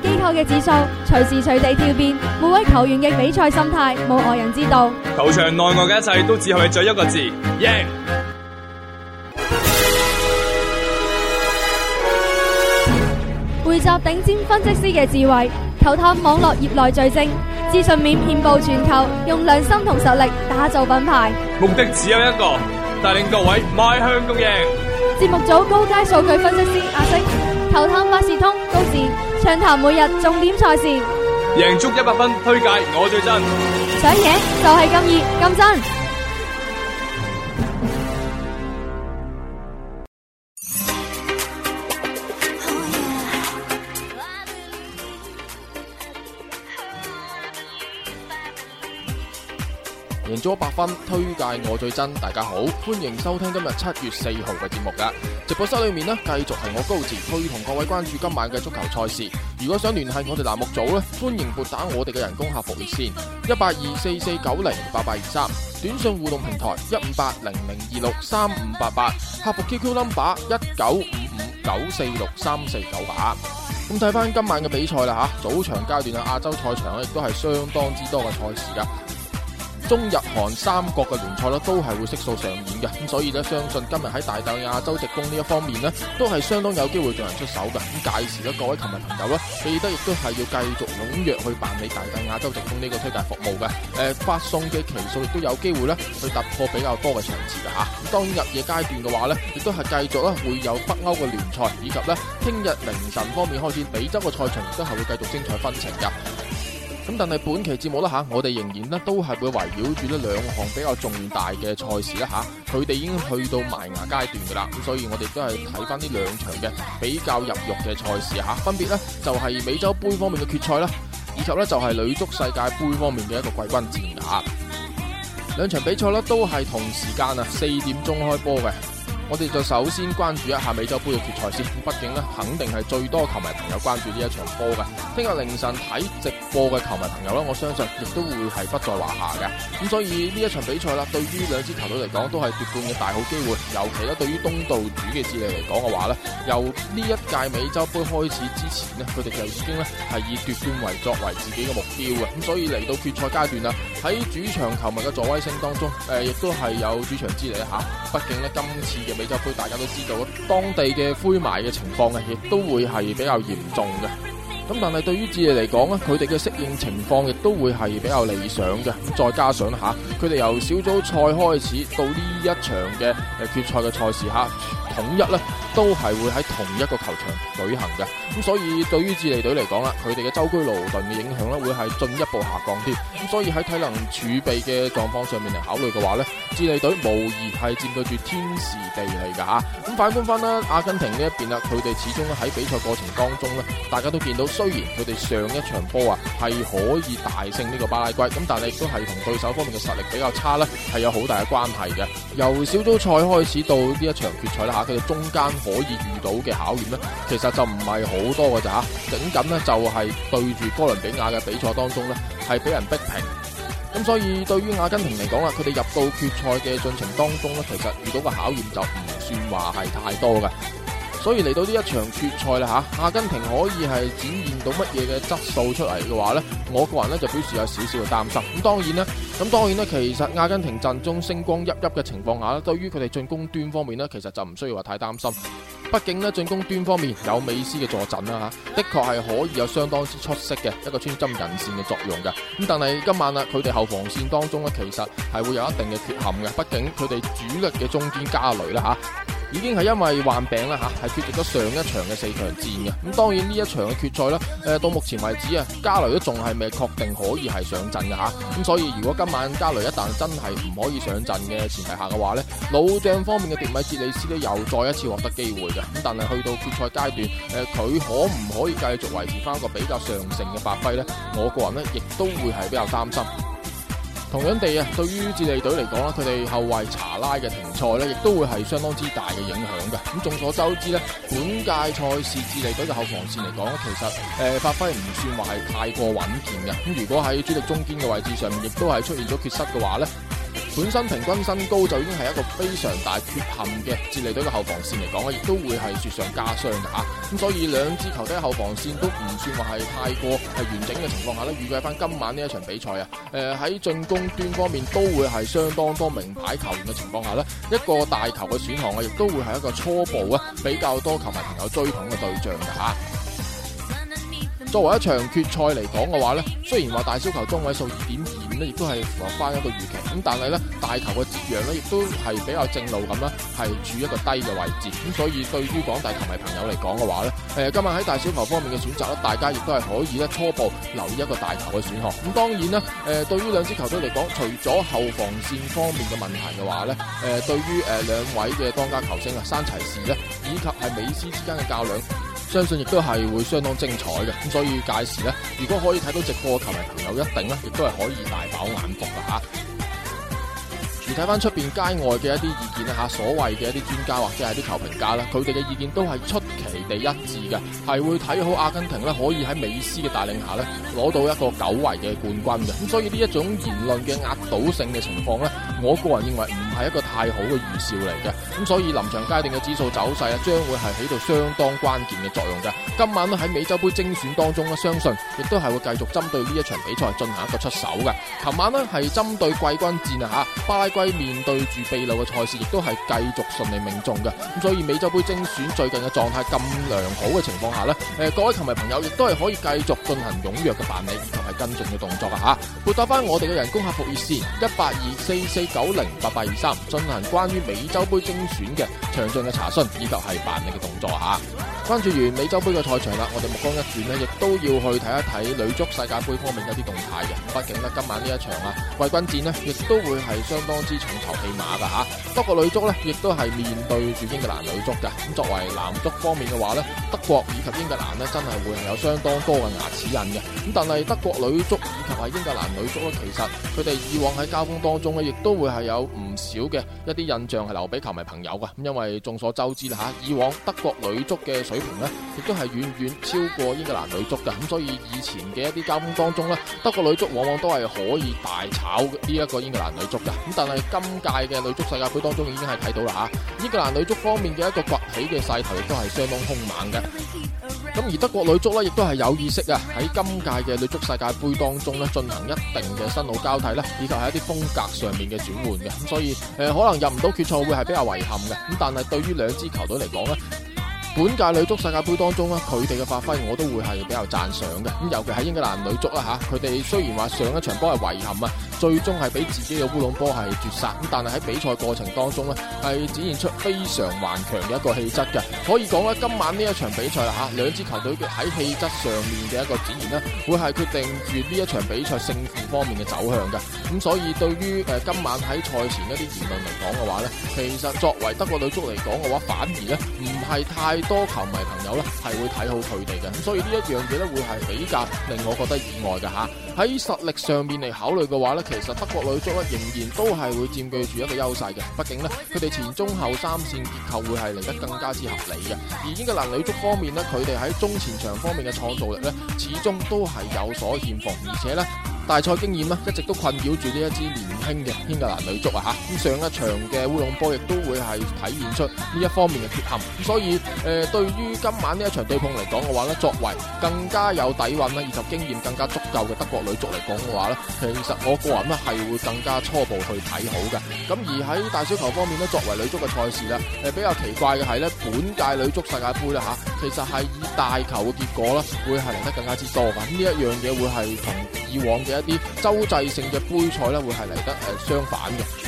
機構嘅指數隨時隨地跳變，每位球員嘅比賽心態冇外人知道。球場內外嘅一切都只可以再一個字：贏。匯集頂尖分析師嘅智慧，球探網絡業內最精，資訊面遍布全球，用良心同實力打造品牌。目的只有一個，帶領各位邁向共贏。節目組高階數據分析師阿星，球探話事通高治。暢談每日重點賽事，贏足一百分推介，我最真，想贏就係咁熱咁真。咗百分，推介我最真。大家好，歡迎收聽今日七月四號嘅節目噶。直播室裏面呢，繼續係我高治，推同各位關注今晚嘅足球賽事。如果想聯繫我哋欄目組呢，歡迎撥打我哋嘅人工客服熱線一八二四四九零八八二三，23, 短信互動平台一五八零零二六三五八八，88, 客服 QQ number 一九五五九四六三四九八。咁睇翻今晚嘅比賽啦，吓早場階段嘅亞洲賽場咧亦都係相當之多嘅賽事噶。中日韓三國嘅聯賽咧都係會悉數上演嘅，咁所以咧相信今日喺大豆亞洲直通呢一方面呢都係相當有機會進行出手嘅。咁屆時呢各位球迷朋友咧，記得亦都係要繼續踊躍去辦理大豆亞洲直通呢個推介服務嘅。誒、呃，發送嘅期數亦都有機會咧去突破比較多嘅場次嘅吓。咁、啊、當日夜階段嘅話咧，亦都係繼續啦會有北歐嘅聯賽，以及咧聽日凌晨方面開始美洲嘅賽程，都係會繼續精彩紛呈噶。咁但係本期節目啦吓，我哋仍然咧都係會圍繞住呢兩項比較重大嘅賽事啦吓，佢哋已經去到埋牙階段噶啦，咁所以我哋都係睇翻呢兩場嘅比較入肉嘅賽事吓，分別咧就係美洲杯方面嘅決賽啦，以及咧就係女足世界杯方面嘅一個季軍戰，打兩場比賽咧都係同時間啊四點鐘開波嘅。我哋就首先關注一下美洲杯嘅決賽先，畢竟咧肯定係最多球迷朋友關注呢一場波嘅。聽日凌晨睇直播嘅球迷朋友咧，我相信亦都會係不在話下嘅。咁所以呢一場比賽啦，對於兩支球隊嚟講都係奪冠嘅大好機會。尤其咧，對於東道主嘅智利嚟講嘅話咧，由呢一屆美洲杯開始之前咧，佢哋就已經咧係以奪冠為作為自己嘅目標嘅，咁所以嚟到決賽階段啦，喺主場球迷嘅助威聲當中，誒、呃，亦都係有主場之利吓，畢竟咧今次嘅美洲杯大家都知道，當地嘅灰霾嘅情況咧，亦都會係比較嚴重嘅。咁但係對於智利嚟講咧，佢哋嘅適應情況亦都會係比較理想嘅。再加上吓，佢哋由小組賽開始到呢一場嘅誒決賽嘅賽事吓，統一咧都係會喺同一個球場舉行嘅。咁所以對於智利隊嚟講啦，佢哋嘅舟車勞頓嘅影響咧會係進一步下降添。咁所以喺體能儲備嘅狀況上面嚟考慮嘅話咧，智利隊無疑係佔據住天時地利嘅吓。咁反觀翻啦，阿根廷呢一邊啦，佢哋始終喺比賽過程當中咧，大家都見到。雖然佢哋上一場波啊係可以大勝呢個巴拉圭，咁但係亦都係同對手方面嘅實力比較差咧，係有好大嘅關係嘅。由小組賽開始到呢一場決賽啦吓，佢哋中間可以遇到嘅考驗咧，其實就唔係好多嘅咋吓。僅僅咧就係對住哥倫比亞嘅比賽當中咧，係俾人逼平。咁所以對於阿根廷嚟講啦，佢哋入到決賽嘅進程當中咧，其實遇到嘅考驗就唔算話係太多嘅。所以嚟到呢一場決賽啦嚇，阿根廷可以係展現到乜嘢嘅質素出嚟嘅話呢，我個人呢就表示有少少嘅擔心。咁當然啦，咁當然咧，其實阿根廷陣中星光熠熠嘅情況下咧，對於佢哋進攻端方面呢，其實就唔需要話太擔心。畢竟呢，進攻端方面有美斯嘅助陣啦嚇，的確係可以有相當之出色嘅一個穿針引線嘅作用嘅。咁但係今晚啊，佢哋後防線當中呢，其實係會有一定嘅缺陷嘅。畢竟佢哋主力嘅中堅加雷咧嚇。已經係因為患病啦吓，係缺席咗上一場嘅四強戰嘅。咁當然呢一場嘅決賽啦，誒到目前為止啊，加雷都仲係未確定可以係上陣嘅吓。咁所以如果今晚加雷一旦真係唔可以上陣嘅前提下嘅話咧，老將方面嘅迪米哲里斯咧，又再一次獲得機會嘅。咁但係去到決賽階段，誒佢可唔可以繼續維持翻一個比較上乘嘅發揮咧？我個人咧亦都會係比較擔心。同樣地啊，對於智利隊嚟講啦，佢哋後衞查拉嘅停賽咧，亦都會係相當之大嘅影響嘅。咁眾所周知咧，本屆賽事智利隊嘅後防線嚟講咧，其實、呃、發揮唔算話係太過穩健嘅。咁如果喺主力中堅嘅位置上面，亦都係出現咗缺失嘅話咧。本身平均身高就已經係一個非常大缺陷嘅智利隊嘅後防線嚟講咧，亦都會係雪上加霜嘅嚇。咁所以兩支球隊後防線都唔算話係太過係完整嘅情況下咧，預計翻今晚呢一場比賽啊，誒喺進攻端方面都會係相當多名牌球員嘅情況下咧，一個大球嘅選項啊，亦都會係一個初步啊比較多球迷朋友追捧嘅對象嘅嚇。作為一場決賽嚟講嘅話呢，雖然話大小球中位數二點二。亦都係符合翻一個預期，咁但係咧大球嘅折讓咧，亦都係比較正路咁啦，係處一個低嘅位置，咁所以對於廣大球迷朋友嚟講嘅話咧，誒今日喺大小球方面嘅選擇咧，大家亦都係可以咧初步留意一個大球嘅選項，咁當然啦，誒對於兩支球隊嚟講，除咗後防線方面嘅問題嘅話咧，誒對於誒兩位嘅當家球星啊，山齊士咧，以及係美斯之間嘅較量。相信亦都係會相當精彩嘅，咁所以屆時咧，如果可以睇到直播嘅球迷朋友，一定咧亦都係可以大飽眼福啦吓。而睇翻出邊街外嘅一啲意見吓，所謂嘅一啲專家或者係啲球評家啦，佢哋嘅意見都係出。第一致嘅，係會睇好阿根廷呢，可以喺美斯嘅帶領下呢，攞到一個久違嘅冠軍嘅。咁、嗯、所以呢一種言論嘅壓倒性嘅情況呢，我個人認為唔係一個太好嘅預兆嚟嘅。咁、嗯、所以臨場階段嘅指數走勢啊，將會係起到相當關鍵嘅作用嘅。今晚呢喺美洲杯精選當中咧，相信亦都係會繼續針對呢一場比賽進行一個出手嘅。琴晚呢，係針對季軍戰啊，巴拉圭面對住秘魯嘅賽事，亦都係繼續順利命中嘅。咁、嗯、所以美洲杯精選最近嘅狀態咁。良好嘅情況下咧，誒各位球迷朋友亦都係可以繼續進行踴躍嘅辦理以及係跟進嘅動作噶吓，撥打翻我哋嘅人工客服熱線一八二四四九零八八二三，進行關於美洲杯精選嘅詳盡嘅查詢以及係辦理嘅動作吓。關注完美洲杯嘅賽場啦，我哋目光一轉咧，亦都要去睇一睇女足世界杯方面的一啲動態嘅。畢竟咧今晚呢一場啊季軍戰咧，亦都會係相當之重頭戲碼噶吓。德國女足咧，亦都係面對住英格蘭女足嘅。咁作為男足方面嘅話咧，德國以及英格蘭咧，真係會有相當多嘅牙齒印嘅。咁但係德國女足以及係英格蘭女足咧，其實佢哋以往喺交鋒當中咧，亦都會係有唔少嘅一啲印象係留俾球迷朋友噶。咁因為眾所周知啦吓，以往德國女足嘅水平咧，亦都係遠遠超過英格蘭女足㗎。咁所以以前嘅一啲交鋒當中咧，德國女足往往都係可以大炒呢一個英格蘭女足㗎。咁但係今屆嘅女足世界杯當中已經係睇到啦吓，英格蘭女足方面嘅一個崛起嘅勢頭亦都係相當兇猛嘅。咁而德國女足咧，亦都係有意識啊，喺今屆嘅女足世界杯當中咧，進行一定嘅新老交替啦，以及係一啲風格上面嘅轉換嘅。咁所以誒，可能入唔到決賽會係比較遺憾嘅。咁但係對於兩支球隊嚟講咧。本屆女足世界盃當中咧，佢哋嘅發揮我都會係比較讚賞嘅。咁、嗯、尤其係英格蘭女足啦、啊、嚇，佢哋雖然話上一場波係遺憾啊，最終係俾自己嘅烏龍波係絕殺。咁、嗯、但係喺比賽過程當中咧，係展現出非常頑強嘅一個氣質嘅。可以講咧，今晚呢一場比賽啦、啊、嚇，兩支球隊喺氣質上面嘅一個展現咧，會係決定住呢一場比賽勝負方面嘅走向嘅。咁、嗯、所以對於誒、呃、今晚喺賽前一啲言論嚟講嘅話咧，其實作為德國女足嚟講嘅話，反而咧唔係太多球迷朋友啦，係會睇好佢哋嘅，所以呢一樣嘢咧會係比較令我覺得意外嘅吓。喺實力上面嚟考慮嘅話咧，其實德國女足咧仍然都係會佔據住一個優勢嘅，畢竟咧佢哋前中後三線結構會係嚟得更加之合理嘅。而英格蘭女足方面咧，佢哋喺中前場方面嘅創造力咧，始終都係有所欠奉，而且咧。大賽經驗呢，一直都困擾住呢一支年輕嘅英格蘭女足啊！吓，咁上一場嘅烏龍波亦都會係體現出呢一方面嘅缺陷。所以，誒、呃、對於今晚呢一場對碰嚟講嘅話呢，作為更加有底蘊啦，以及經驗更加足夠嘅德國女足嚟講嘅話呢，其實我個人呢，係會更加初步去睇好嘅。咁而喺大小球方面呢，作為女足嘅賽事咧，誒、呃、比較奇怪嘅係呢，本屆女足世界杯咧吓、啊，其實係以大球嘅結果咧，會係嚟得更加之多嘅。呢一樣嘢會係同。以往嘅一啲洲際性嘅杯賽咧，會係嚟得誒相反嘅。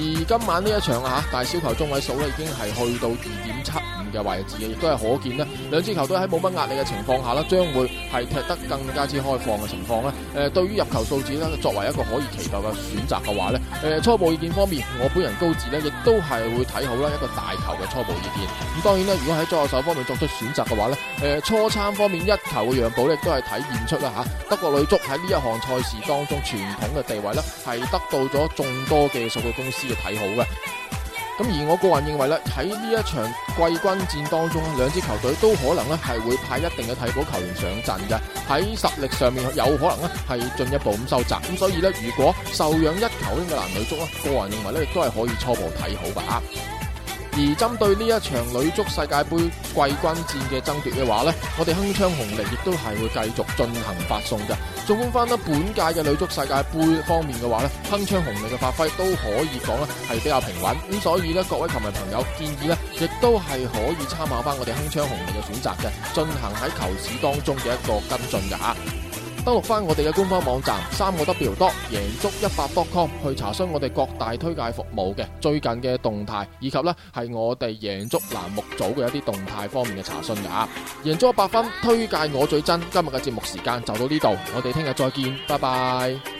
而今晚呢一場啊，大小球中位數咧已經係去到二點七五嘅位置嘅，亦都係可見咧，兩支球隊喺冇乜壓力嘅情況下咧，將會係踢得更加之開放嘅情況咧。誒、呃，對於入球數字咧，作為一個可以期待嘅選擇嘅話咧，誒、呃，初步意見方面，我本人高治咧亦都係會睇好啦，一個大球嘅初步意見。咁當然啦，如果喺左右手方面作出選擇嘅話咧，誒、呃，初參方面一球嘅讓步咧，亦都係體現出啦吓、啊，德國女足喺呢一項賽事當中傳統嘅地位咧，係得到咗眾多嘅數據公司。要睇好嘅，咁而我個人認為咧喺呢一場季軍戰當中，兩支球隊都可能咧係會派一定嘅替補球員上陣嘅，喺實力上面有可能咧係進一步咁收窄，咁所以咧如果受讓一球呢嘅男女足咧，個人認為咧亦都係可以初步睇好嘅。而針對呢一場女足世界杯季軍戰嘅爭奪嘅話呢，我哋鏗鏘紅力亦都係會繼續進行發送嘅。縱觀翻呢，本屆嘅女足世界杯方面嘅話呢，鏗鏘紅力嘅發揮都可以講咧係比較平穩。咁所以呢，各位球迷朋友建議呢，亦都係可以參考翻我哋鏗鏘紅力嘅選擇嘅，進行喺球市當中嘅一個跟進噶吓。登錄翻我哋嘅官方網站，三個 W 多贏足一百 .com 去查詢我哋各大推介服務嘅最近嘅動態，以及呢係我哋贏足欄目組嘅一啲動態方面嘅查詢噶。贏足一百分，推介我最真。今日嘅節目時間就到呢度，我哋聽日再見，拜拜。